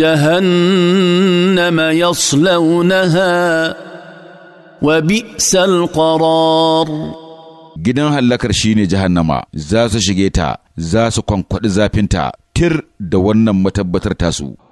جهنم يصلونها وبئس القرار gidan hallakar shine jahannama za su shige ta za su kwankwaɗi zafinta tir da wannan matabbatar tasu